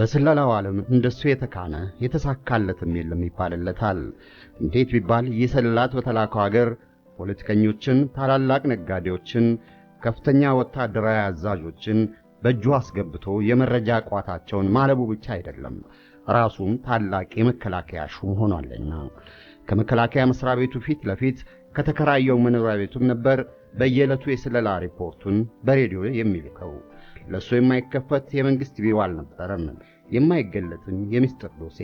በስለላው ዓለም እንደሱ የተካነ የተሳካለትም የለም ይባልለታል። እንዴት ቢባል ይህ ሰላት በተላከው አገር ፖለቲከኞችን፣ ታላላቅ ነጋዴዎችን፣ ከፍተኛ ወታደራዊ አዛዦችን በእጁ አስገብቶ የመረጃ ቋታቸውን ማለቡ ብቻ አይደለም፣ ራሱም ታላቅ የመከላከያ ሹም ሆኗለና ከመከላከያ መሥሪያ ቤቱ ፊት ለፊት ከተከራየው መኖሪያ ቤቱም ነበር በየዕለቱ የስለላ ሪፖርቱን በሬዲዮ የሚልከው። ለእሱ የማይከፈት የመንግሥት ቢሮ አልነበረም። የማይገለጥም የሚስጥር ዶሴ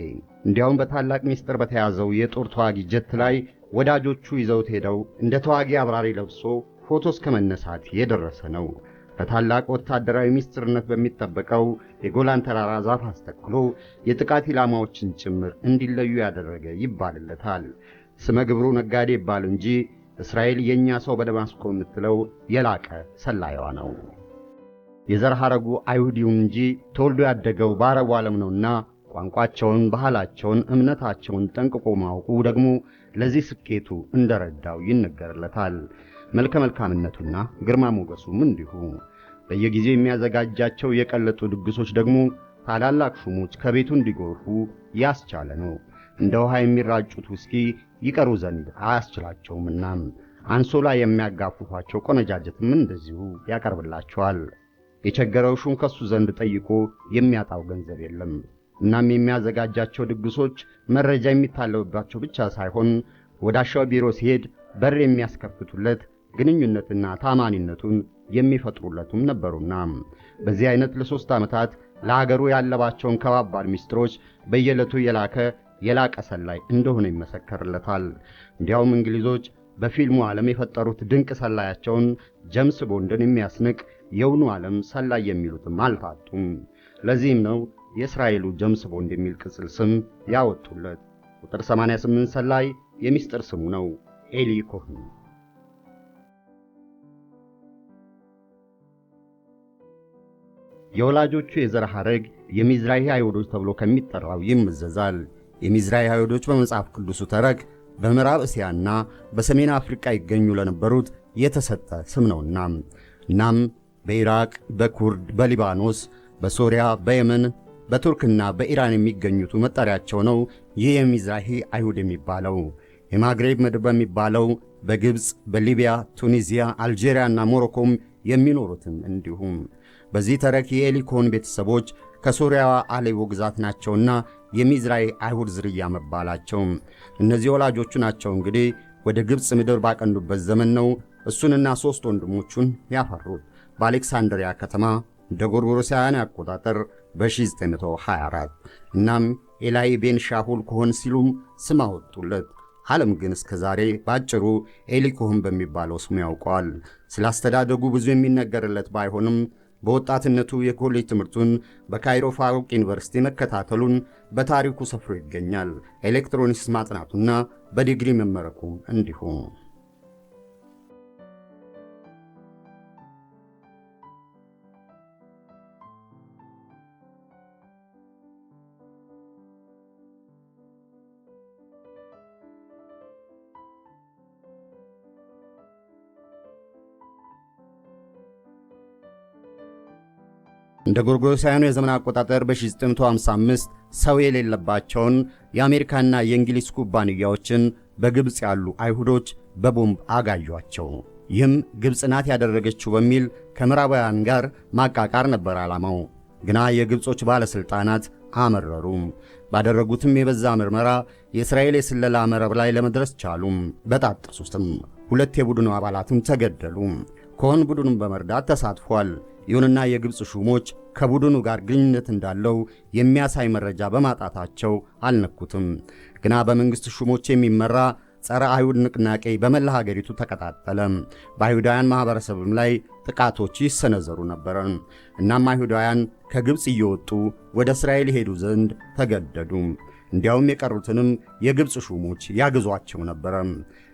እንዲያውም በታላቅ ሚስጥር በተያዘው የጦር ተዋጊ ጀት ላይ ወዳጆቹ ይዘውት ሄደው እንደ ተዋጊ አብራሪ ለብሶ ፎቶ እስከ መነሳት የደረሰ ነው። በታላቅ ወታደራዊ ሚስጥርነት በሚጠበቀው የጎላን ተራራ ዛፍ አስተክሎ የጥቃት ኢላማዎችን ጭምር እንዲለዩ ያደረገ ይባልለታል። ስመ ግብሩ ነጋዴ ይባል እንጂ እስራኤል የእኛ ሰው በደማስቆ የምትለው የላቀ ሰላዩዋ ነው። የዘር ሐረጉ አይሁድ ይሁን እንጂ ተወልዶ ያደገው በአረቡ ዓለም ነውና ቋንቋቸውን፣ ባህላቸውን፣ እምነታቸውን ጠንቅቆ ማወቁ ደግሞ ለዚህ ስኬቱ እንደረዳው ይነገርለታል። መልከ መልካምነቱና ግርማ ሞገሱም እንዲሁ። በየጊዜው የሚያዘጋጃቸው የቀለጡ ድግሶች ደግሞ ታላላቅ ሹሞች ከቤቱ እንዲጎርፉ ያስቻለ ነው። እንደ ውሃ የሚራጩት ውስኪ ይቀሩ ዘንድ አያስችላቸውምና አንሶላ የሚያጋፉኋቸው ቆነጃጀትም እንደዚሁ ያቀርብላቸዋል። የቸገረው ሹም ከሱ ዘንድ ጠይቆ የሚያጣው ገንዘብ የለም። እናም የሚያዘጋጃቸው ድግሶች መረጃ የሚታለውባቸው ብቻ ሳይሆን ወዳሻው ቢሮ ሲሄድ በር የሚያስከፍቱለት ግንኙነትና ታማኒነቱን የሚፈጥሩለትም ነበሩና በዚህ አይነት ለሶስት ዓመታት ለሀገሩ ያለባቸውን ከባባድ ሚስጥሮች በየዕለቱ የላከ የላቀ ሰላይ እንደሆነ ይመሰከርለታል። እንዲያውም እንግሊዞች በፊልሙ ዓለም የፈጠሩት ድንቅ ሰላያቸውን ጀምስ ቦንድን የሚያስንቅ የውኑ ዓለም ሰላይ የሚሉትም አልታጡም። ለዚህም ነው የእስራኤሉ ጀምስ ቦንድ የሚል ቅጽል ስም ያወጡለት። ቁጥር 88 ሰላይ የሚስጥር ስሙ ነው ኤሊ ኮህን። የወላጆቹ የዘር ሐረግ የሚዝራሂ አይሁዶች ተብሎ ከሚጠራው ይመዘዛል። የሚዝራሂ አይሁዶች በመጽሐፍ ቅዱሱ ተረክ በምዕራብ እስያና በሰሜን አፍሪካ ይገኙ ለነበሩት የተሰጠ ስም ነውና እናም በኢራቅ፣ በኩርድ፣ በሊባኖስ፣ በሶሪያ፣ በየመን፣ በቱርክና በኢራን የሚገኙቱ መጠሪያቸው ነው። ይህ የሚዛሂ አይሁድ የሚባለው የማግሬብ ምድር በሚባለው በግብፅ፣ በሊቢያ፣ ቱኒዚያ፣ አልጄሪያና ሞሮኮም የሚኖሩትም እንዲሁም በዚህ ተረክ የኤሊኮን ቤተሰቦች ከሶሪያዋ አሌዎ ግዛት ናቸውና የሚዝራይ አይሁድ ዝርያ መባላቸው እነዚህ ወላጆቹ ናቸው። እንግዲህ ወደ ግብፅ ምድር ባቀኑበት ዘመን ነው እሱንና ሦስት ወንድሞቹን ያፈሩት። በአሌክሳንድሪያ ከተማ እንደ ጎርጎሮሳውያን አቆጣጠር በ1924 እናም ኤላይ ቤን ሻሁል ኮሆን ሲሉም ስም አወጡለት። ዓለም ግን እስከ ዛሬ በአጭሩ ኤሊ ኮሆን በሚባለው ስሙ ያውቀዋል። ስለ አስተዳደጉ ብዙ የሚነገርለት ባይሆንም በወጣትነቱ የኮሌጅ ትምህርቱን በካይሮ ፋሩቅ ዩኒቨርሲቲ መከታተሉን በታሪኩ ሰፍሮ ይገኛል። ኤሌክትሮኒክስ ማጥናቱና በዲግሪ መመረቁ እንዲሁ። እንደ ጎርጎሳውያኑ የዘመን አቆጣጠር በ1955 ሰው የሌለባቸውን የአሜሪካና የእንግሊዝ ኩባንያዎችን በግብፅ ያሉ አይሁዶች በቦምብ አጋዩአቸው። ይህም ግብፅ ናት ያደረገችው በሚል ከምዕራባውያን ጋር ማቃቃር ነበር ዓላማው። ግና የግብፆች ባለሥልጣናት አመረሩም። ባደረጉትም የበዛ ምርመራ የእስራኤል የስለላ መረብ ላይ ለመድረስ ቻሉም። በጣጠሱትም። ሁለት የቡድኑ አባላትም ተገደሉ። ከሆን ቡድኑን በመርዳት ተሳትፏል። ይሁንና የግብፅ ሹሞች ከቡድኑ ጋር ግንኙነት እንዳለው የሚያሳይ መረጃ በማጣታቸው አልነኩትም። ግና በመንግሥት ሹሞች የሚመራ ጸረ አይሁድ ንቅናቄ በመላ ሀገሪቱ ተቀጣጠለም። በአይሁዳውያን ማኅበረሰብም ላይ ጥቃቶች ይሰነዘሩ ነበር። እናም አይሁዳውያን ከግብፅ እየወጡ ወደ እስራኤል ሄዱ ዘንድ ተገደዱ። እንዲያውም የቀሩትንም የግብፅ ሹሞች ያግዟቸው ነበረም።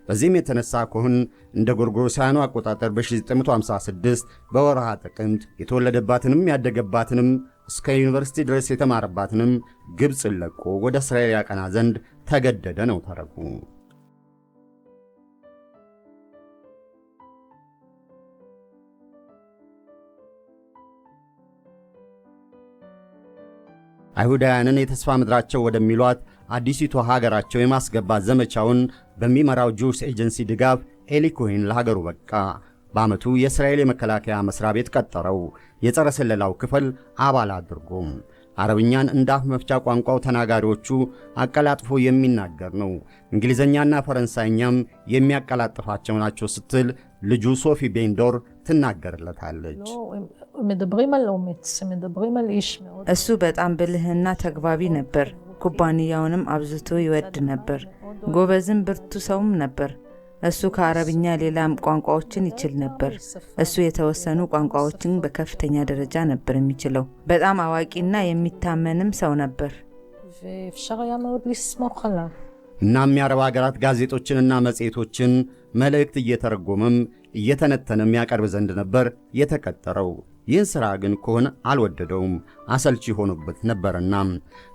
በዚህም የተነሳ ኮሁን እንደ ጎርጎሮሳውያኑ አቆጣጠር በ1956 በወርሃ ጥቅምት የተወለደባትንም ያደገባትንም እስከ ዩኒቨርሲቲ ድረስ የተማረባትንም ግብፅን ለቆ ወደ እስራኤል ያቀና ዘንድ ተገደደ ነው ተረጉ። አይሁዳውያንን የተስፋ ምድራቸው ወደሚሏት አዲሲቷ ሀገራቸው የማስገባት ዘመቻውን በሚመራው ጁስ ኤጀንሲ ድጋፍ ኤሊ ኮሄን ለሀገሩ በቃ። በዓመቱ የእስራኤል የመከላከያ መስሪያ ቤት ቀጠረው የጸረ ስለላው ክፍል አባል አድርጎም። አረብኛን እንደ አፍ መፍቻ ቋንቋው ተናጋሪዎቹ አቀላጥፎ የሚናገር ነው። እንግሊዘኛና ፈረንሳይኛም የሚያቀላጥፋቸው ናቸው ስትል ልጁ ሶፊ ቤንዶር ትናገርለታለች። um, um, um, እሱ በጣም ብልህና ተግባቢ ነበር። ኩባንያውንም አብዝቶ ይወድ ነበር። ጎበዝም ብርቱ ሰውም ነበር። እሱ ከአረብኛ ሌላ ቋንቋዎችን ይችል ነበር። እሱ የተወሰኑ ቋንቋዎችን በከፍተኛ ደረጃ ነበር የሚችለው። በጣም አዋቂና የሚታመንም ሰው ነበር። እናም የአረብ ሀገራት ጋዜጦችንና መጽሔቶችን መልእክት እየተረጎመም እየተነተነም ያቀርብ ዘንድ ነበር የተቀጠረው። ይህ ሥራ ግን ኮህን አልወደደውም፣ አሰልቺ ሆኖበት ነበርና።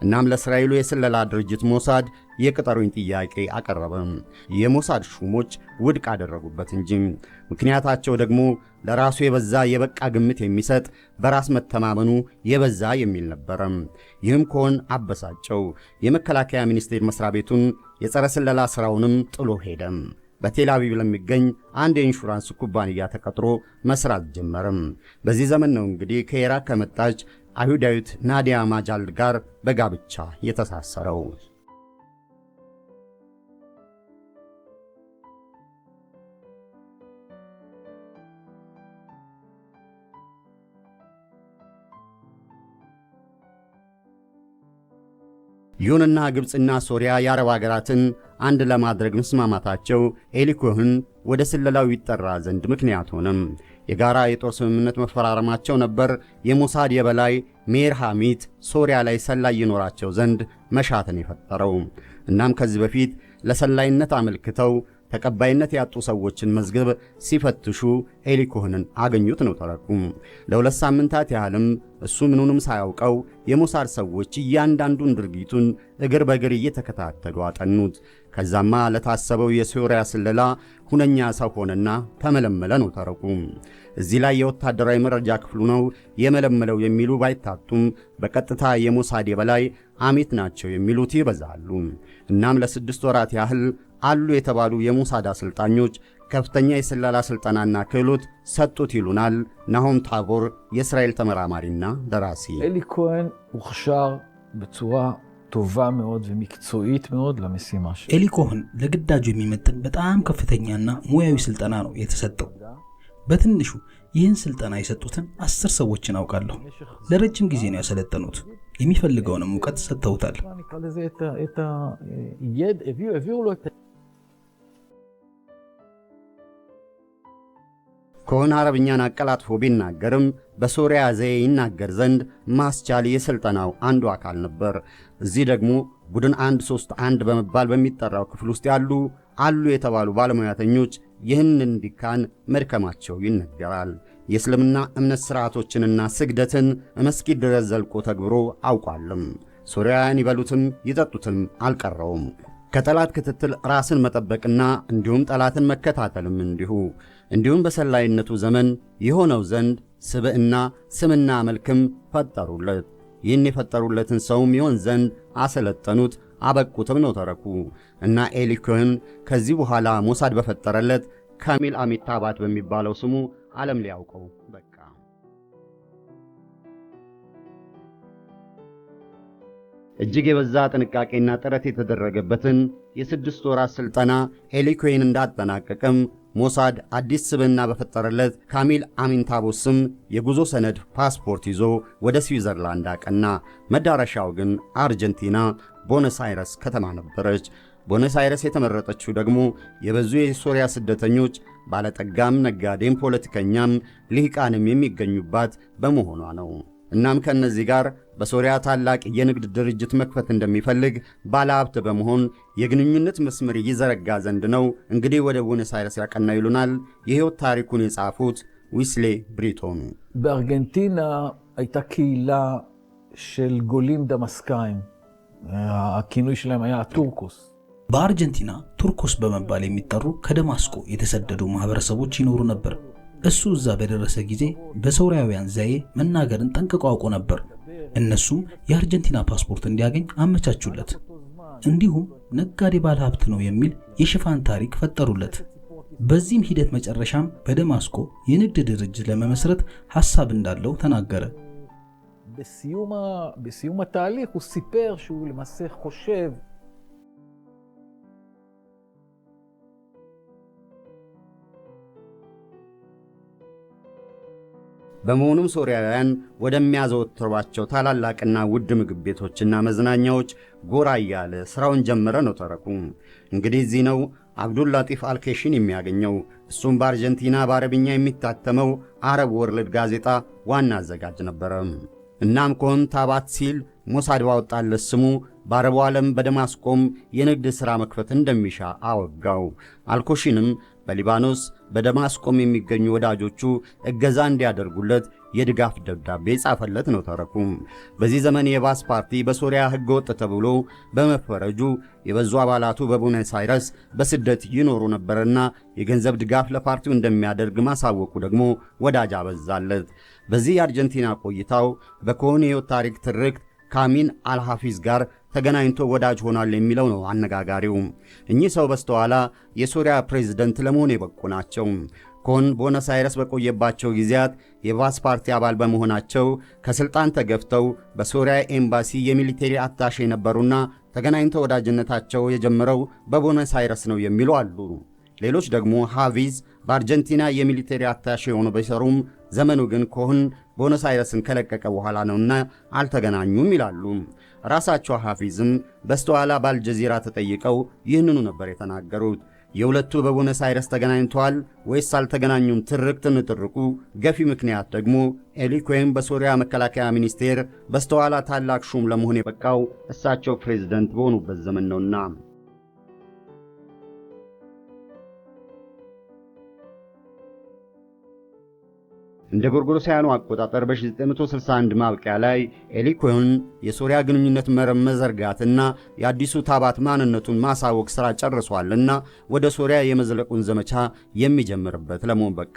እናም ለእስራኤሉ የስለላ ድርጅት ሞሳድ የቅጠሩኝ ጥያቄ አቀረበ። የሞሳድ ሹሞች ውድቅ አደረጉበት እንጂ ምክንያታቸው ደግሞ ለራሱ የበዛ የበቃ ግምት የሚሰጥ በራስ መተማመኑ የበዛ የሚል ነበረ። ይህም ከሆን አበሳጨው። የመከላከያ ሚኒስቴር መሥሪያ ቤቱን የጸረ ስለላ ሥራውንም ጥሎ ሄደም። በቴል አቪቭ ለሚገኝ አንድ የኢንሹራንስ ኩባንያ ተቀጥሮ መስራት ጀመርም። በዚህ ዘመን ነው እንግዲህ ከኢራቅ ከመጣች አይሁዳዊት ናዲያ ማጃልድ ጋር በጋብቻ የተሳሰረው። ይሁንና ግብፅና ሶሪያ የአረብ አገራትን አንድ ለማድረግ መስማማታቸው ኤሊኮህን ወደ ስለላው ይጠራ ዘንድ ምክንያት ሆነም። የጋራ የጦር ስምምነት መፈራረማቸው ነበር የሞሳድ የበላይ ሜር ሐሚት ሶሪያ ላይ ሰላይ ይኖራቸው ዘንድ መሻትን የፈጠረው። እናም ከዚህ በፊት ለሰላይነት አመልክተው ተቀባይነት ያጡ ሰዎችን መዝገብ ሲፈትሹ ሄሊ አገኙት ነው ተረኩ። ለሁለት ሳምንታት ያህልም እሱ ምኑንም ሳያውቀው የሞሳድ ሰዎች እያንዳንዱን ድርጊቱን እግር በእግር እየተከታተሉ አጠኑት። ከዛማ ለታሰበው የሶሪያ ስለላ ሁነኛ ሰው ሆነና ተመለመለ ነው ተረኩ። እዚህ ላይ የወታደራዊ መረጃ ክፍሉ ነው የመለመለው የሚሉ ባይታጡም በቀጥታ የሞሳድ የበላይ አሚት ናቸው የሚሉት ይበዛሉ። እናም ለስድስት ወራት ያህል አሉ የተባሉ የሙሳድ አሰልጣኞች ከፍተኛ የስለላ ስልጠናና ክህሎት ሰጡት ይሉናል ናሆም ታቦር የእስራኤል ተመራማሪና ደራሲ። ኤሊ ኮሄን ውክሻር ብጽዋ ቶቫ ኤሊ ለግዳጁ የሚመጥን በጣም ከፍተኛና ሙያዊ ስልጠና ነው የተሰጠው። በትንሹ ይህን ስልጠና የሰጡትን አስር ሰዎችን አውቃለሁ። ለረጅም ጊዜ ነው ያሰለጠኑት። የሚፈልገውንም እውቀት ሰጥተውታል። ከሆነ አረብኛን አቀላጥፎ ቢናገርም በሶሪያ ዘዬ ይናገር ዘንድ ማስቻል የሥልጠናው አንዱ አካል ነበር። እዚህ ደግሞ ቡድን 131 በመባል በሚጠራው ክፍል ውስጥ ያሉ አሉ የተባሉ ባለሙያተኞች ይህን እንዲካን መድከማቸው ይነገራል። የእስልምና እምነት ሥርዓቶችንና ስግደትን መስጊድ ድረስ ዘልቆ ተግብሮ አውቋልም። ሶርያውያን ይበሉትም ይጠጡትም አልቀረውም። ከጠላት ክትትል ራስን መጠበቅና እንዲሁም ጠላትን መከታተልም እንዲሁ እንዲሁም በሰላይነቱ ዘመን የሆነው ዘንድ ስብዕና ስምና መልክም ፈጠሩለት። ይህን የፈጠሩለትን ሰውም ይሆን ዘንድ አሰለጠኑት አበቁትም ነው ተረኩ። እና ኤሊኮህን ከዚህ በኋላ ሞሳድ በፈጠረለት ካሚል አሚታባት በሚባለው ስሙ ዓለም ሊያውቀው በቃ። እጅግ የበዛ ጥንቃቄና ጥረት የተደረገበትን የስድስት ወራት ሥልጠና ኤሊኮይን እንዳጠናቀቅም ሞሳድ አዲስ ስብና በፈጠረለት ካሚል አሚንታቦ ስም የጉዞ ሰነድ ፓስፖርት ይዞ ወደ ስዊዘርላንድ አቀና። መዳረሻው ግን አርጀንቲና ቦነስ አይረስ ከተማ ነበረች። ቦነስ አይረስ የተመረጠችው ደግሞ የበዙ የሶሪያ ስደተኞች ባለጠጋም፣ ነጋዴም፣ ፖለቲከኛም ልሂቃንም የሚገኙባት በመሆኗ ነው። እናም ከእነዚህ ጋር በሶሪያ ታላቅ የንግድ ድርጅት መክፈት እንደሚፈልግ ባለሀብት በመሆን የግንኙነት መስመር ይዘረጋ ዘንድ ነው እንግዲህ ወደ ቡኖስ አይረስ ያቀና ይሉናል የሕይወት ታሪኩን የጻፉት ዊስሌ ብሪቶኑ። በአርጀንቲና አይታ ኪላ ሸል ጎሊም ደማስካይም አኪኑ שלהם היה הטורקוס. በአርጀንቲና ቱርኮስ በመባል የሚጠሩ ከደማስቆ የተሰደዱ ማህበረሰቦች ይኖሩ ነበር። እሱ እዛ በደረሰ ጊዜ በሶሪያውያን ዘዬ መናገርን ጠንቅቆ አውቆ ነበር። እነሱም የአርጀንቲና ፓስፖርት እንዲያገኝ አመቻቹለት። እንዲሁም ነጋዴ ባለሀብት ሀብት ነው የሚል የሽፋን ታሪክ ፈጠሩለት። በዚህም ሂደት መጨረሻም በደማስቆ የንግድ ድርጅት ለመመስረት ሐሳብ እንዳለው ተናገረ። በሲዩም በመሆኑም ሶርያውያን ወደሚያዘወትሯቸው ታላላቅና ውድ ምግብ ቤቶችና መዝናኛዎች ጎራ እያለ ሥራውን ጀመረ ነው ተረኩ። እንግዲህ እዚህ ነው አብዱላጢፍ አልኬሽን የሚያገኘው። እሱም በአርጀንቲና በአረብኛ የሚታተመው አረብ ወርልድ ጋዜጣ ዋና አዘጋጅ ነበረ። እናም ኮን ታባት ሲል ሞሳድ ባወጣለት ስሙ በአረቡ ዓለም በደማስቆም የንግድ ሥራ መክፈት እንደሚሻ አወጋው። አልኮሺንም በሊባኖስ በደማስቆም የሚገኙ ወዳጆቹ እገዛ እንዲያደርጉለት የድጋፍ ደብዳቤ ጻፈለት ነው ተረኩ። በዚህ ዘመን የባስ ፓርቲ በሶሪያ ሕገ ወጥ ተብሎ በመፈረጁ የበዙ አባላቱ በቡኖስ አይረስ በስደት ይኖሩ ነበርና የገንዘብ ድጋፍ ለፓርቲው እንደሚያደርግ ማሳወቁ ደግሞ ወዳጅ አበዛለት። በዚህ የአርጀንቲና ቆይታው በኮሆኔዮ ታሪክ ትርክት ከአሚን አልሐፊዝ ጋር ተገናኝቶ ወዳጅ ሆኗል የሚለው ነው አነጋጋሪው። እኚህ ሰው በስተኋላ የሶሪያ ፕሬዝደንት ለመሆን የበቁ ናቸው። ኮን ቦነስ አይረስ በቆየባቸው ጊዜያት የቫስ ፓርቲ አባል በመሆናቸው ከሥልጣን ተገፍተው በሶሪያ ኤምባሲ የሚሊቴሪ አታሼ የነበሩና ተገናኝተው ወዳጅነታቸው የጀመረው በቦነስ አይረስ ነው የሚሉ አሉ። ሌሎች ደግሞ ሃቪዝ በአርጀንቲና የሚሊቴሪ አታሼ የሆኑ ቢሰሩም ዘመኑ ግን ኮህን ቦነስ አይረስን ከለቀቀ በኋላ ነውና አልተገናኙም ይላሉ። ራሳቸው ሐፊዝም በስተኋላ በአልጀዚራ ተጠይቀው ይህንኑ ነበር የተናገሩት። የሁለቱ በቦነስ አይረስ ተገናኝተዋል ወይስ አልተገናኙም? ትርክት ንትርቁ ገፊ ምክንያት ደግሞ ኤሊኮይም በሶሪያ መከላከያ ሚኒስቴር በስተኋላ ታላቅ ሹም ለመሆን የበቃው እሳቸው ፕሬዝደንት በሆኑበት ዘመን ነውና እንደ ጎርጎሮሳውያኑ አቆጣጠር በ1961 ማብቂያ ላይ ኤሊኮን የሶሪያ ግንኙነት መረብ መዘርጋትና የአዲሱ ታባት ማንነቱን ማሳወቅ ሥራ ጨርሷልና ወደ ሶሪያ የመዝለቁን ዘመቻ የሚጀምርበት ለመሆን በቃ።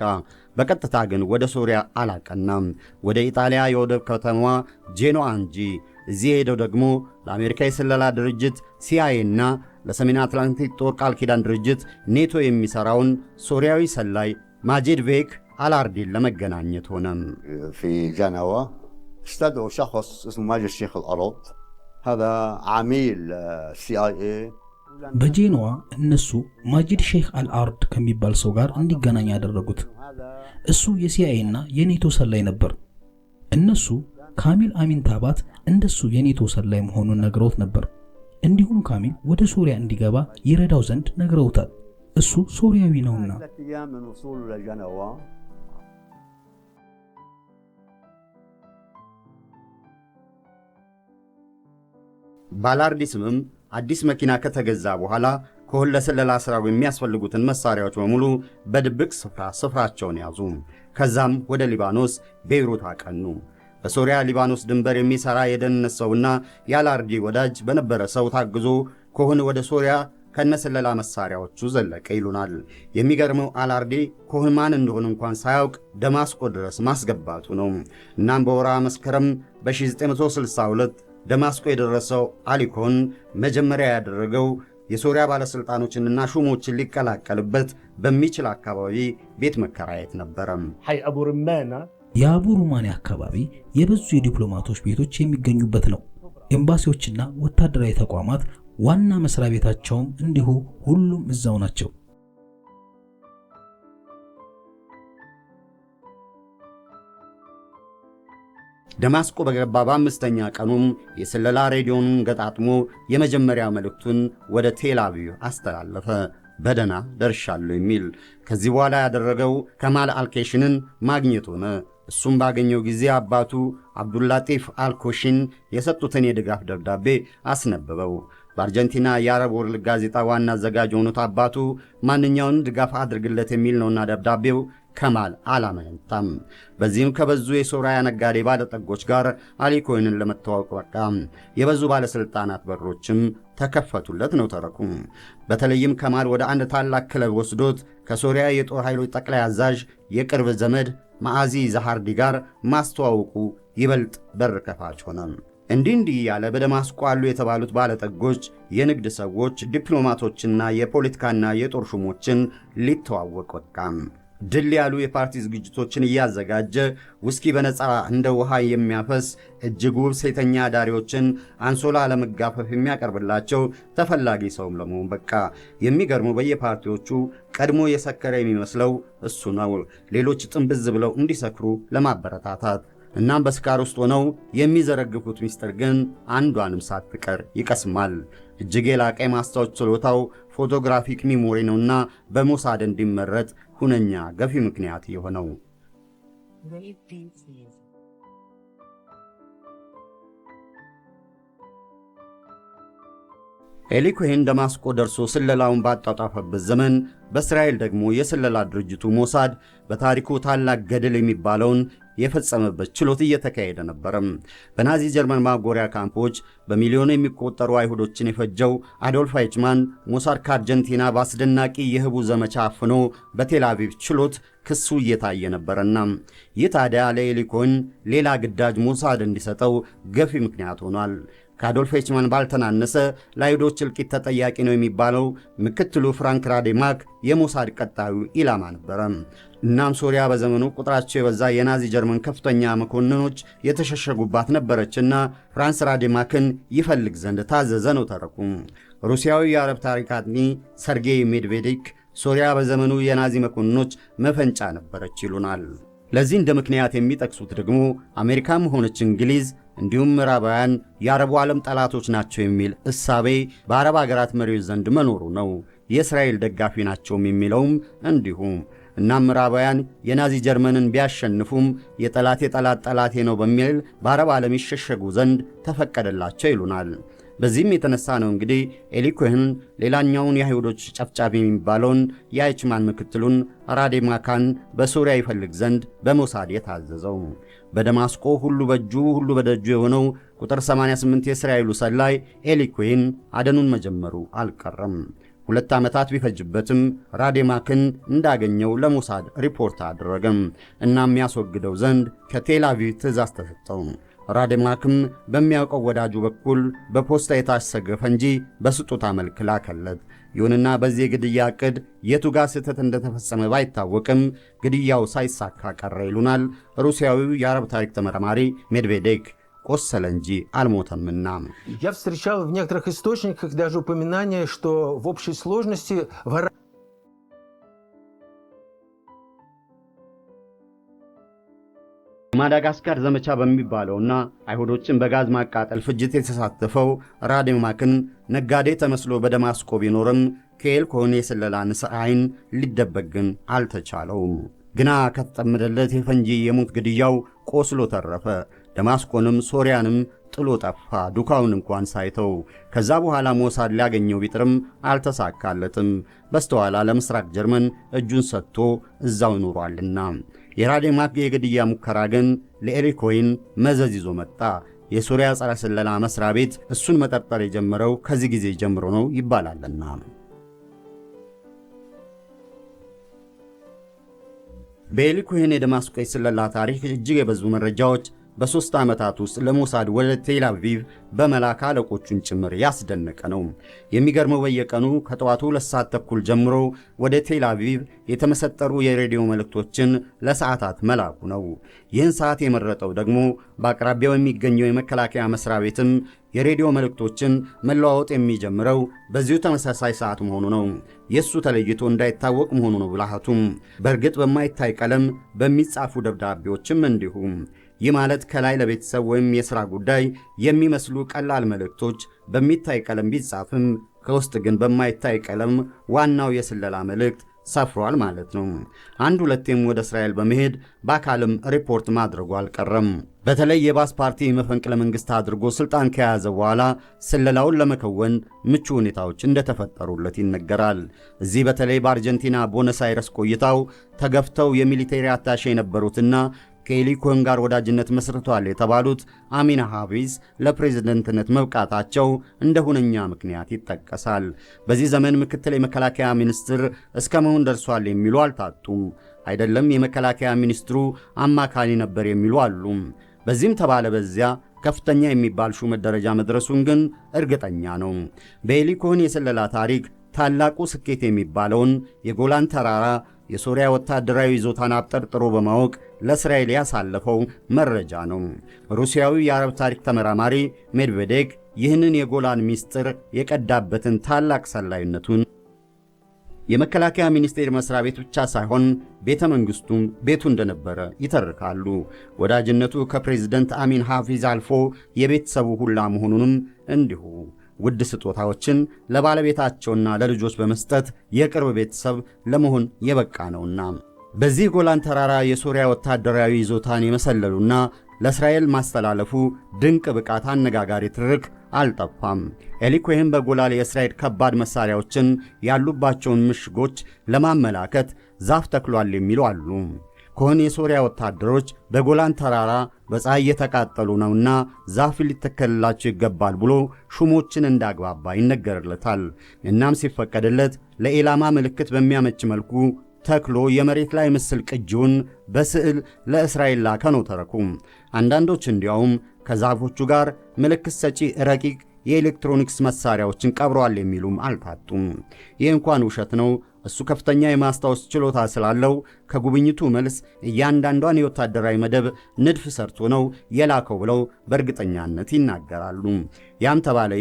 በቀጥታ ግን ወደ ሶሪያ አላቀናም፣ ወደ ኢጣሊያ የወደብ ከተማዋ ጄኖዋ እንጂ። እዚህ ሄደው ደግሞ ለአሜሪካ የስለላ ድርጅት ሲአይኤና ለሰሜን አትላንቲክ ጦር ቃል ኪዳን ድርጅት ኔቶ የሚሠራውን ሶሪያዊ ሰላይ ማጄድ ቬክ አላርዲን ለመገናኘት ሆነም። ፊ ጀነዋ استدعوا شخص اسمه ماجد الشيخ الأرض በጄንዋ እነሱ ማጅድ ሼክ አልአርድ ከሚባል ሰው ጋር እንዲገናኝ ያደረጉት። እሱ የሲአይኤ እና የኔቶ ሰላይ ነበር። እነሱ ካሚል አሚን ታባት እንደሱ የኔቶ ሰላይ መሆኑን ነግረውት ነበር። እንዲሁም ካሚል ወደ ሶሪያ እንዲገባ ይረዳው ዘንድ ነግረውታል። እሱ ሶሪያዊ ነውና ባላርዲ ስምም አዲስ መኪና ከተገዛ በኋላ ከሁን ለስለላ ሥራው የሚያስፈልጉትን መሳሪያዎች በሙሉ በድብቅ ስፍራ ስፍራቸውን ያዙ። ከዛም ወደ ሊባኖስ ቤይሩት አቀኑ። በሶሪያ ሊባኖስ ድንበር የሚሠራ የደህንነት ሰውና የአላርዲ ወዳጅ በነበረ ሰው ታግዞ ከሆን ወደ ሶሪያ ከነስለላ መሳሪያዎቹ ዘለቀ ይሉናል። የሚገርመው አላርዴ ኮህን ማን እንደሆነ እንኳን ሳያውቅ ደማስቆ ድረስ ማስገባቱ ነው። እናም በወራ መስከረም በ1962 ደማስቆ የደረሰው አሊኮን መጀመሪያ ያደረገው የሶሪያ ባለሥልጣኖችንና ሹሞችን ሊቀላቀልበት በሚችል አካባቢ ቤት መከራየት ነበረም። ሐይ አቡ የአቡ ሩማንያ አካባቢ የብዙ የዲፕሎማቶች ቤቶች የሚገኙበት ነው። ኤምባሲዎችና ወታደራዊ ተቋማት ዋና መስሪያ ቤታቸውም እንዲሁ ሁሉም እዛው ናቸው። ደማስቆ በገባ በአምስተኛ ቀኑም የስለላ ሬዲዮን ገጣጥሞ የመጀመሪያ መልእክቱን ወደ ቴልአቪቭ አስተላለፈ። በደና ደርሻለሁ የሚል ከዚህ በኋላ ያደረገው ከማል አልኬሽንን ማግኘት ሆነ። እሱም ባገኘው ጊዜ አባቱ አብዱላጢፍ አልኮሽን የሰጡትን የድጋፍ ደብዳቤ አስነበበው። በአርጀንቲና የአረብ ወርልድ ጋዜጣ ዋና አዘጋጅ የሆኑት አባቱ ማንኛውን ድጋፍ አድርግለት የሚል ነውና ደብዳቤው ከማል አላመነታም። በዚህም ከበዙ የሶሪያ ነጋዴ ባለጠጎች ጋር አሊኮይንን ለመተዋወቅ በቃ። የበዙ ባለሥልጣናት በሮችም ተከፈቱለት ነው ተረኩ። በተለይም ከማል ወደ አንድ ታላቅ ክለብ ወስዶት ከሶሪያ የጦር ኃይሎች ጠቅላይ አዛዥ የቅርብ ዘመድ ማዓዚ ዛሃርዲ ጋር ማስተዋወቁ ይበልጥ በር ከፋች ሆነ። እንዲህ እንዲህ እያለ በደማስቆ አሉ የተባሉት ባለጠጎች፣ የንግድ ሰዎች፣ ዲፕሎማቶችና የፖለቲካና የጦር ሹሞችን ሊተዋወቅ በቃም። ድል ያሉ የፓርቲ ዝግጅቶችን እያዘጋጀ ውስኪ በነፃ እንደ ውሃ የሚያፈስ እጅግ ውብ ሴተኛ ዳሪዎችን አንሶላ ለመጋፈፍ የሚያቀርብላቸው ተፈላጊ ሰውም ለመሆን በቃ። የሚገርሙ በየፓርቲዎቹ ቀድሞ የሰከረ የሚመስለው እሱ ነው፣ ሌሎች ጥንብዝ ብለው እንዲሰክሩ ለማበረታታት። እናም በስካር ውስጥ ሆነው የሚዘረግፉት ሚስጥር ግን አንዷንም ሳትቀር ይቀስማል። እጅግ የላቀ የማስታወስ ችሎታው ፎቶግራፊክ ሚሞሪ ነውና በሞሳድ እንዲመረጥ ሁነኛ ገፊ ምክንያት የሆነው። ኤሊኮሄን ደማስቆ ደርሶ ስለላውን ባጣጣፈበት ዘመን በእስራኤል ደግሞ የስለላ ድርጅቱ ሞሳድ በታሪኩ ታላቅ ገድል የሚባለውን የፈጸመበት ችሎት እየተካሄደ ነበረም። በናዚ ጀርመን ማጎሪያ ካምፖች በሚሊዮን የሚቆጠሩ አይሁዶችን የፈጀው አዶልፍ አይችማን ሞሳድ ከአርጀንቲና በአስደናቂ የህቡ ዘመቻ አፍኖ በቴላቪቭ ችሎት ክሱ እየታየ ነበረና ይህ ታዲያ ለኤሊኮን ሌላ ግዳጅ ሞሳድ እንዲሰጠው ገፊ ምክንያት ሆኗል። ከአዶልፍ ኤችማን ባልተናነሰ ለአይሁዶች እልቂት ተጠያቂ ነው የሚባለው ምክትሉ ፍራንክ ራዴማክ የሞሳድ ቀጣዩ ኢላማ ነበረ። እናም ሶሪያ በዘመኑ ቁጥራቸው የበዛ የናዚ ጀርመን ከፍተኛ መኮንኖች የተሸሸጉባት ነበረችና ፍራንስ ራዴማክን ይፈልግ ዘንድ ታዘዘ ነው ተረኩ። ሩሲያዊ የአረብ ታሪክ አጥኚ ሰርጌይ ሜድቬዲክ ሶሪያ በዘመኑ የናዚ መኮንኖች መፈንጫ ነበረች ይሉናል። ለዚህ እንደ ምክንያት የሚጠቅሱት ደግሞ አሜሪካም ሆነች እንግሊዝ እንዲሁም ምዕራባውያን የአረቡ ዓለም ጠላቶች ናቸው የሚል እሳቤ በአረብ አገራት መሪዎች ዘንድ መኖሩ ነው። የእስራኤል ደጋፊ ናቸውም የሚለውም እንዲሁም። እናም ምዕራባውያን የናዚ ጀርመንን ቢያሸንፉም የጠላቴ ጠላት ጠላቴ ነው በሚል በአረብ ዓለም ይሸሸጉ ዘንድ ተፈቀደላቸው ይሉናል። በዚህም የተነሳ ነው እንግዲህ ኤሊኮህን ሌላኛውን የአይሁዶች ጨፍጫፊ የሚባለውን የአይችማን ምክትሉን ራዴማካን በሶሪያ ይፈልግ ዘንድ በሞሳድ የታዘዘው። በደማስቆ ሁሉ በእጁ ሁሉ በደጁ የሆነው ቁጥር 88 የእስራኤሉ ሰላይ ኤሊኩዌን አደኑን መጀመሩ አልቀረም። ሁለት ዓመታት ቢፈጅበትም ራዴማክን እንዳገኘው ለሞሳድ ሪፖርት አደረገም። እናም ያስወግደው ዘንድ ከቴል ትእዛዝ ተሰጠው። ራዴማክም በሚያውቀው ወዳጁ በኩል በፖስታ የታሸገ ፈንጂ በስጦታ መልክ ላከለት። ይሁንና በዚህ የግድያ ዕቅድ የቱ ጋር ስህተት እንደተፈጸመ ባይታወቅም ግድያው ሳይሳካ ቀረ ይሉናል ሩሲያዊው የአረብ ታሪክ ተመራማሪ ሜድቬዴክ። ቆሰለ እንጂ አልሞተምና። የማዳጋስካር ዘመቻ በሚባለውና አይሁዶችን በጋዝ ማቃጠል ፍጅት የተሳተፈው ራዴማክን ነጋዴ ተመስሎ በደማስቆ ቢኖርም ከኤል ከሆነ የስለላ ንስር ዓይን ሊደበቅ ግን አልተቻለውም። ግና ከተጠመደለት የፈንጂ የሞት ግድያው ቆስሎ ተረፈ። ደማስቆንም ሶሪያንም ጥሎ ጠፋ። ዱካውን እንኳን ሳይተው ከዛ በኋላ ሞሳድ ሊያገኘው ቢጥርም አልተሳካለትም። በስተኋላ ለምስራቅ ጀርመን እጁን ሰጥቶ እዛው ይኖሯልና የራዴማፕ የግድያ ሙከራ ግን ለኤሪኮይን መዘዝ ይዞ መጣ። የሱሪያ ጸረ ስለላ መስሪያ ቤት እሱን መጠርጠር የጀመረው ከዚህ ጊዜ ጀምሮ ነው ይባላልና። በኤሊ ኮሄን የደማስቆ የስለላ ታሪክ እጅግ የበዙ መረጃዎች በሦስት ዓመታት ውስጥ ለሞሳድ ወደ ቴላቪቭ በመላክ አለቆቹን ጭምር ያስደነቀ ነው። የሚገርመው በየቀኑ ከጠዋቱ ሁለት ሰዓት ተኩል ጀምሮ ወደ ቴላቪቭ የተመሰጠሩ የሬዲዮ መልእክቶችን ለሰዓታት መላኩ ነው። ይህን ሰዓት የመረጠው ደግሞ በአቅራቢያው የሚገኘው የመከላከያ መስሪያ ቤትም የሬዲዮ መልእክቶችን መለዋወጥ የሚጀምረው በዚሁ ተመሳሳይ ሰዓት መሆኑ ነው። የእሱ ተለይቶ እንዳይታወቅ መሆኑ ነው ብልሃቱም። በእርግጥ በማይታይ ቀለም በሚጻፉ ደብዳቤዎችም እንዲሁም ይህ ማለት ከላይ ለቤተሰብ ወይም የሥራ ጉዳይ የሚመስሉ ቀላል መልእክቶች በሚታይ ቀለም ቢጻፍም ከውስጥ ግን በማይታይ ቀለም ዋናው የስለላ መልእክት ሰፍሯል ማለት ነው። አንድ ሁለቴም ወደ እስራኤል በመሄድ በአካልም ሪፖርት ማድረጉ አልቀረም። በተለይ የባስ ፓርቲ መፈንቅለ መንግሥት አድርጎ ስልጣን ከያዘ በኋላ ስለላውን ለመከወን ምቹ ሁኔታዎች እንደተፈጠሩለት ይነገራል። እዚህ በተለይ በአርጀንቲና ቦነስ አይረስ ቆይታው ተገፍተው የሚሊቴሪ አታሼ የነበሩትና ከኤሊኮን ጋር ወዳጅነት መስርቷል የተባሉት አሚና ሃቢዝ ለፕሬዝደንትነት መብቃታቸው እንደ ሁነኛ ምክንያት ይጠቀሳል። በዚህ ዘመን ምክትል የመከላከያ ሚኒስትር እስከ መሆን ደርሷል የሚሉ አልታጡም። አይደለም የመከላከያ ሚኒስትሩ አማካሪ ነበር የሚሉ አሉም። በዚህም ተባለ በዚያ ከፍተኛ የሚባል ሹመት ደረጃ መድረሱን ግን እርግጠኛ ነው። በኤሊኮን የስለላ ታሪክ ታላቁ ስኬት የሚባለውን የጎላን ተራራ የሶሪያ ወታደራዊ ይዞታን አብጠርጥሮ በማወቅ ለእስራኤል ያሳለፈው መረጃ ነው። ሩሲያዊ የአረብ ታሪክ ተመራማሪ ሜድቬዴክ ይህንን የጎላን ሚስጥር የቀዳበትን ታላቅ ሰላይነቱን የመከላከያ ሚኒስቴር መስሪያ ቤት ብቻ ሳይሆን ቤተ መንግስቱም ቤቱ እንደነበረ ይተርካሉ። ወዳጅነቱ ከፕሬዝደንት አሚን ሐፊዝ አልፎ የቤተሰቡ ሁላ መሆኑንም እንዲሁ ውድ ስጦታዎችን ለባለቤታቸውና ለልጆች በመስጠት የቅርብ ቤተሰብ ለመሆን የበቃ ነውና። በዚህ ጎላን ተራራ የሶሪያ ወታደራዊ ይዞታን የመሰለሉና ለእስራኤል ማስተላለፉ ድንቅ ብቃት አነጋጋሪ ትርክ አልጠፋም። ኤሊኮይም በጎላል የእስራኤል ከባድ መሣሪያዎችን ያሉባቸውን ምሽጎች ለማመላከት ዛፍ ተክሏል የሚሉ አሉ። ከሆነ የሶሪያ ወታደሮች በጎላን ተራራ በፀሐይ እየተቃጠሉ ነውና ዛፍ ሊተከልላቸው ይገባል ብሎ ሹሞችን እንዳግባባ ይነገርለታል። እናም ሲፈቀድለት ለኢላማ ምልክት በሚያመች መልኩ ተክሎ የመሬት ላይ ምስል ቅጂውን በስዕል ለእስራኤል ላከ ነው ተረኩ። አንዳንዶች እንዲያውም ከዛፎቹ ጋር ምልክት ሰጪ ረቂቅ የኤሌክትሮኒክስ መሳሪያዎችን ቀብረዋል የሚሉም አልታጡም። ይህ እንኳን ውሸት ነው። እሱ ከፍተኛ የማስታወስ ችሎታ ስላለው ከጉብኝቱ መልስ እያንዳንዷን የወታደራዊ መደብ ንድፍ ሰርቶ ነው የላከው ብለው በእርግጠኛነት ይናገራሉ። ያም ተባለ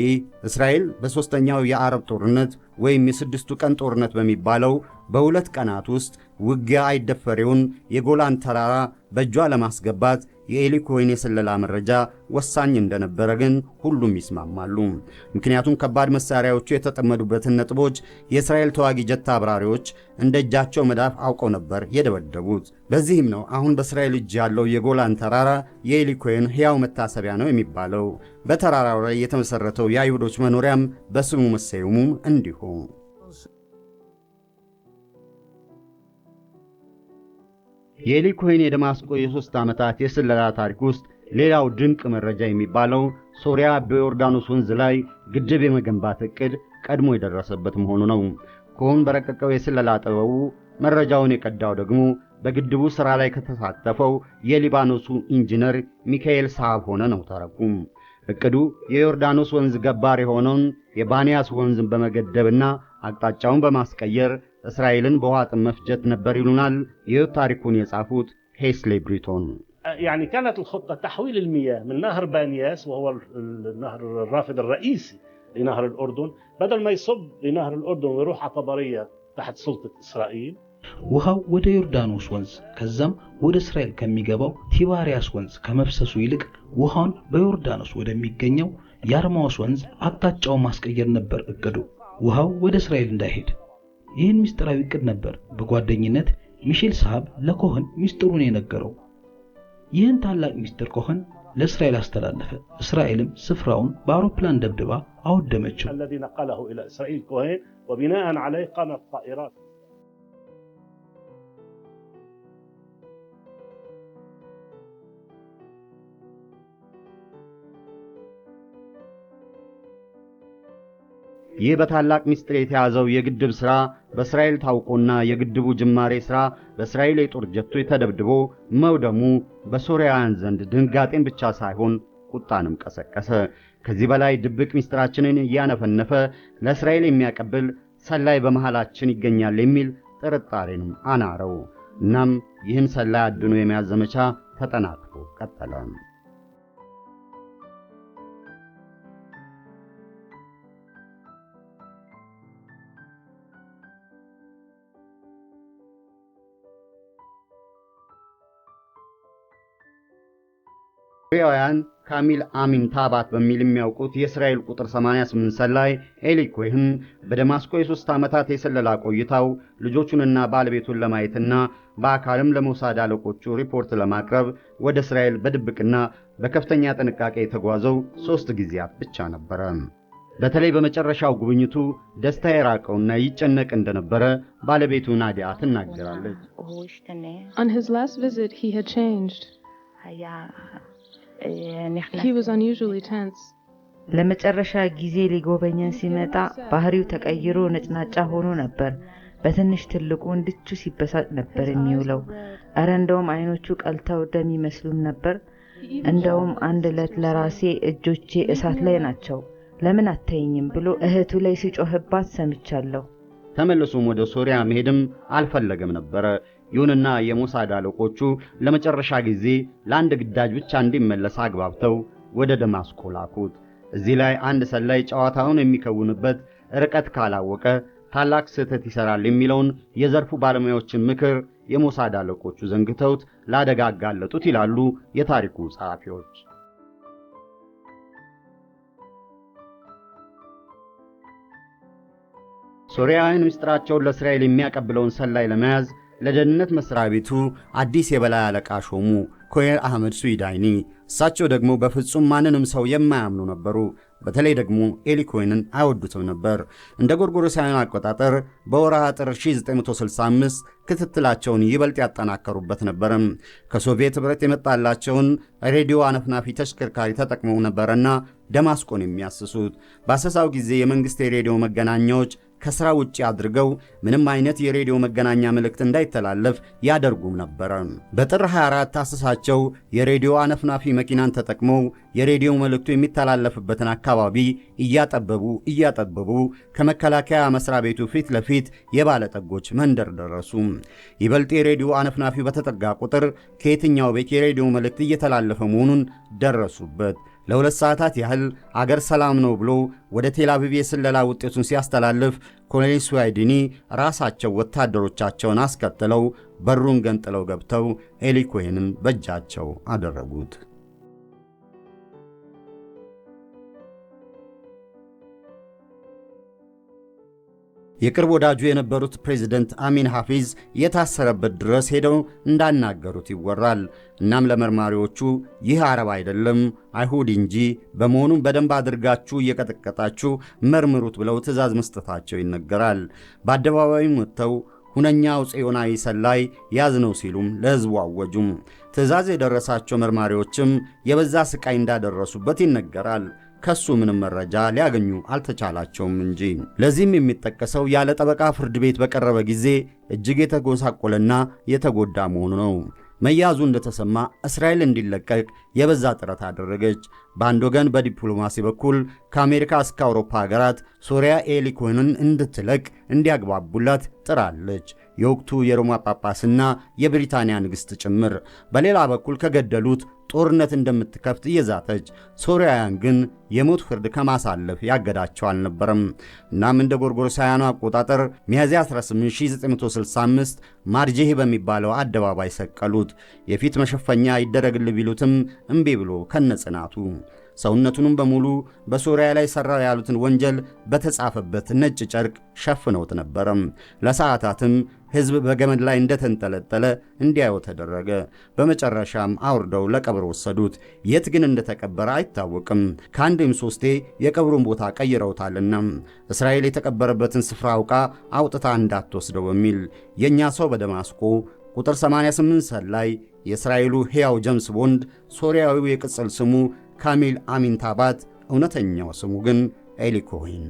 እስራኤል በሦስተኛው የአረብ ጦርነት ወይም የስድስቱ ቀን ጦርነት በሚባለው በሁለት ቀናት ውስጥ ውጊያ አይደፈሬውን የጎላን ተራራ በእጇ ለማስገባት የኤሊ የስለላ መረጃ ወሳኝ እንደነበረ ግን ሁሉም ይስማማሉ። ምክንያቱም ከባድ መሳሪያዎቹ የተጠመዱበትን ነጥቦች የእስራኤል ተዋጊ ጀት አብራሪዎች እንደ እጃቸው መዳፍ አውቀው ነበር የደበደቡት። በዚህም ነው አሁን በእስራኤል እጅ ያለው የጎላን ተራራ የኤሊ ሕያው መታሰቢያ ነው የሚባለው። በተራራው ላይ የተመሠረተው የአይሁዶች መኖሪያም በስሙ መሰየሙም እንዲሁ የኤሊ ኮሄን የደማስቆ የሦስት ዓመታት የስለላ ታሪክ ውስጥ ሌላው ድንቅ መረጃ የሚባለው ሶሪያ በዮርዳኖስ ወንዝ ላይ ግድብ የመገንባት ዕቅድ ቀድሞ የደረሰበት መሆኑ ነው። ኮሆን በረቀቀው የስለላ ጥበቡ መረጃውን የቀዳው ደግሞ በግድቡ ሥራ ላይ ከተሳተፈው የሊባኖሱ ኢንጂነር ሚካኤል ሳብ ሆነ ነው ተረኩም። እቅዱ የዮርዳኖስ ወንዝ ገባር የሆነውን የባንያስ ወንዝን በመገደብና አቅጣጫውን በማስቀየር እስራኤልን በውሃ ጥም መፍጀት ነበር ይሉናል የታሪኩን የጻፉት ሄስሌ ብሪቶን። يعني كانت الخطة تحويل المياه من نهر بانياس وهو النهر الرافد الرئيسي لنهر الأردن بدل ما يصب لنهر الأردن ويروح على طبرية تحت سلطة إسرائيل ውሃው ወደ ዮርዳኖስ ወንዝ ከዛም ወደ እስራኤል ከሚገባው ቲባሪያስ ወንዝ ከመፍሰሱ ይልቅ ውሃውን በዮርዳኖስ ወደሚገኘው የአርማዎስ ወንዝ አቅጣጫውን ማስቀየር ነበር እቅዱ። ውሃው ወደ እስራኤል እንዳይሄድ ይህን ምስጢራዊ እቅድ ነበር በጓደኝነት ሚሼል ሳብ ለኮህን ምስጢሩን የነገረው። ይህን ታላቅ ምስጢር ኮህን ለእስራኤል አስተላለፈ። እስራኤልም ስፍራውን በአውሮፕላን ደብድባ አወደመችው። ይህ በታላቅ ምስጢር የተያዘው የግድብ ሥራ በእስራኤል ታውቆና የግድቡ ጅማሬ ሥራ በእስራኤል የጦር ጀቶች ተደብድቦ መውደሙ በሶርያውያን ዘንድ ድንጋጤን ብቻ ሳይሆን ቁጣንም ቀሰቀሰ። ከዚህ በላይ ድብቅ ምስጢራችንን እያነፈነፈ ለእስራኤል የሚያቀብል ሰላይ በመሃላችን ይገኛል የሚል ጥርጣሬንም አናረው። እናም ይህም ሰላይ አድኖ የመያዝ ዘመቻ ተጠናክሮ ቀጠለ። ኖርዌያውያን ካሚል አሚን ታባት በሚል የሚያውቁት የእስራኤል ቁጥር 88 ሰላይ ኤሊ ኮሄን በደማስቆ የሶስት ዓመታት የሰለላ ቆይታው ልጆቹንና ባለቤቱን ለማየትና በአካልም ለሞሳድ አለቆቹ ሪፖርት ለማቅረብ ወደ እስራኤል በድብቅና በከፍተኛ ጥንቃቄ የተጓዘው ሦስት ጊዜያት ብቻ ነበረ። በተለይ በመጨረሻው ጉብኝቱ ደስታ የራቀውና ይጨነቅ እንደነበረ ባለቤቱ ናዲያ ትናገራለች። He was unusually tense. ለመጨረሻ ጊዜ ሊጎበኘን ሲመጣ ባህሪው ተቀይሮ ነጭናጫ ሆኖ ነበር። በትንሽ ትልቁ እንድቹ ሲበሳጭ ነበር የሚውለው። እረ እንደውም አይኖቹ ቀልተው ደም ይመስሉም ነበር። እንደውም አንድ ዕለት ለራሴ እጆቼ እሳት ላይ ናቸው፣ ለምን አታይኝም ብሎ እህቱ ላይ ሲጮህባት ሰምቻለሁ። ተመልሶም ወደ ሶሪያ መሄድም አልፈለገም ነበር። ይሁንና የሞሳድ አለቆቹ ለመጨረሻ ጊዜ ለአንድ ግዳጅ ብቻ እንዲመለስ አግባብተው ወደ ደማስቆ ላኩት። እዚህ ላይ አንድ ሰላይ ጨዋታውን የሚከውንበት ርቀት ካላወቀ ታላቅ ስህተት ይሰራል የሚለውን የዘርፉ ባለሙያዎችን ምክር የሞሳድ አለቆቹ ዘንግተውት ለአደጋ አጋለጡት ይላሉ የታሪኩ ጸሐፊዎች። ሶርያውያን ምስጢራቸውን ለእስራኤል የሚያቀብለውን ሰላይ ለመያዝ ለደህንነት መስሪያ ቤቱ አዲስ የበላይ አለቃ ሾሙ፣ ኮሎኔል አህመድ ሱይዳይኒ። እሳቸው ደግሞ በፍጹም ማንንም ሰው የማያምኑ ነበሩ። በተለይ ደግሞ ኤሊ ኮይንን አይወዱትም ነበር። እንደ ጎርጎሮሳውያን አቆጣጠር በወርሃ ጥር 1965 ክትትላቸውን ይበልጥ ያጠናከሩበት ነበርም። ከሶቪየት ኅብረት የመጣላቸውን ሬዲዮ አነፍናፊ ተሽከርካሪ ተጠቅመው ነበረና ደማስቆን የሚያስሱት። በአሰሳው ጊዜ የመንግሥት የሬዲዮ መገናኛዎች ከስራ ውጭ አድርገው ምንም አይነት የሬዲዮ መገናኛ መልእክት እንዳይተላለፍ ያደርጉም ነበር። በጥር 24 ታስሳቸው የሬዲዮ አነፍናፊ መኪናን ተጠቅመው የሬዲዮ መልእክቱ የሚተላለፍበትን አካባቢ እያጠበቡ እያጠበቡ ከመከላከያ መስሪያ ቤቱ ፊት ለፊት የባለጠጎች መንደር ደረሱ። ይበልጥ የሬዲዮ አነፍናፊ በተጠጋ ቁጥር ከየትኛው ቤት የሬዲዮ መልእክት እየተላለፈ መሆኑን ደረሱበት። ለሁለት ሰዓታት ያህል አገር ሰላም ነው ብሎ ወደ ቴልአቪቭ የስለላ ውጤቱን ሲያስተላልፍ ኮሎኔል ስዋይዲኒ ራሳቸው ወታደሮቻቸውን አስከትለው በሩን ገንጥለው ገብተው ኤሊ በእጃቸው አደረጉት። የቅርብ ወዳጁ የነበሩት ፕሬዚደንት አሚን ሐፊዝ የታሰረበት ድረስ ሄደው እንዳናገሩት ይወራል። እናም ለመርማሪዎቹ ይህ አረብ አይደለም አይሁድ እንጂ፣ በመሆኑም በደንብ አድርጋችሁ እየቀጠቀጣችሁ መርምሩት ብለው ትዕዛዝ መስጠታቸው ይነገራል። በአደባባይም ወጥተው ሁነኛው ጽዮናዊ ሰላይ ያዝ ነው ሲሉም ለሕዝቡ አወጁም። ትዕዛዝ የደረሳቸው መርማሪዎችም የበዛ ስቃይ እንዳደረሱበት ይነገራል። ከሱ ምንም መረጃ ሊያገኙ አልተቻላቸውም እንጂ። ለዚህም የሚጠቀሰው ያለ ጠበቃ ፍርድ ቤት በቀረበ ጊዜ እጅግ የተጎሳቆለና የተጎዳ መሆኑ ነው። መያዙ እንደተሰማ እስራኤል እንዲለቀቅ የበዛ ጥረት አደረገች። በአንድ ወገን በዲፕሎማሲ በኩል ከአሜሪካ እስከ አውሮፓ ሀገራት ሶሪያ ኤሊኮንን እንድትለቅ እንዲያግባቡላት ጥራለች። የወቅቱ የሮማ ጳጳስና የብሪታንያ ንግሥት ጭምር። በሌላ በኩል ከገደሉት ጦርነት እንደምትከፍት እየዛተች፣ ሶርያውያን ግን የሞት ፍርድ ከማሳለፍ ያገዳቸው አልነበረም። እናም እንደ ጎርጎሮሳውያኑ አቆጣጠር ሚያዝያ 1865 ማርጄሄ በሚባለው አደባባይ ሰቀሉት። የፊት መሸፈኛ ይደረግል ቢሉትም እምቢ ብሎ ከነጽናቱ ሰውነቱንም በሙሉ በሶርያ ላይ ሠራ ያሉትን ወንጀል በተጻፈበት ነጭ ጨርቅ ሸፍነውት ነበረም። ለሰዓታትም ሕዝብ በገመድ ላይ እንደተንጠለጠለ እንዲያየው ተደረገ። በመጨረሻም አውርደው ለቀብር ወሰዱት። የት ግን እንደተቀበረ አይታወቅም። ከአንድም ሶስቴ የቀብሩን ቦታ ቀይረውታልና እስራኤል የተቀበረበትን ስፍራ አውቃ አውጥታ እንዳትወስደው በሚል የእኛ ሰው በደማስቆ ቁጥር 88 ሰላይ የእስራኤሉ ሕያው ጀምስ ቦንድ ሶርያዊው የቅጽል ስሙ ካሚል አሚንታባት፣ እውነተኛው ስሙ ግን ኤሊኮሂን